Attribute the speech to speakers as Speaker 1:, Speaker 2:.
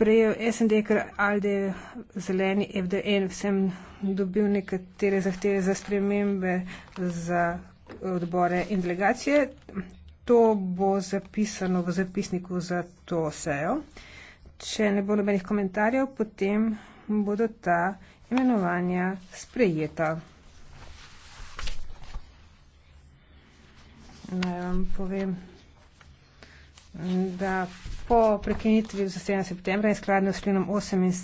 Speaker 1: Prej SND, ker Alde, zeleni FDN, sem dobil nekatere zahteve za spremembe za odbore in delegacije. To bo zapisano v zapisniku za to sejo. Če ne bo nobenih komentarjev, potem bodo ta imenovanja sprejeta. Naj vam povem, da po prekinitvi
Speaker 2: 17. septembra in skladno s členom 18.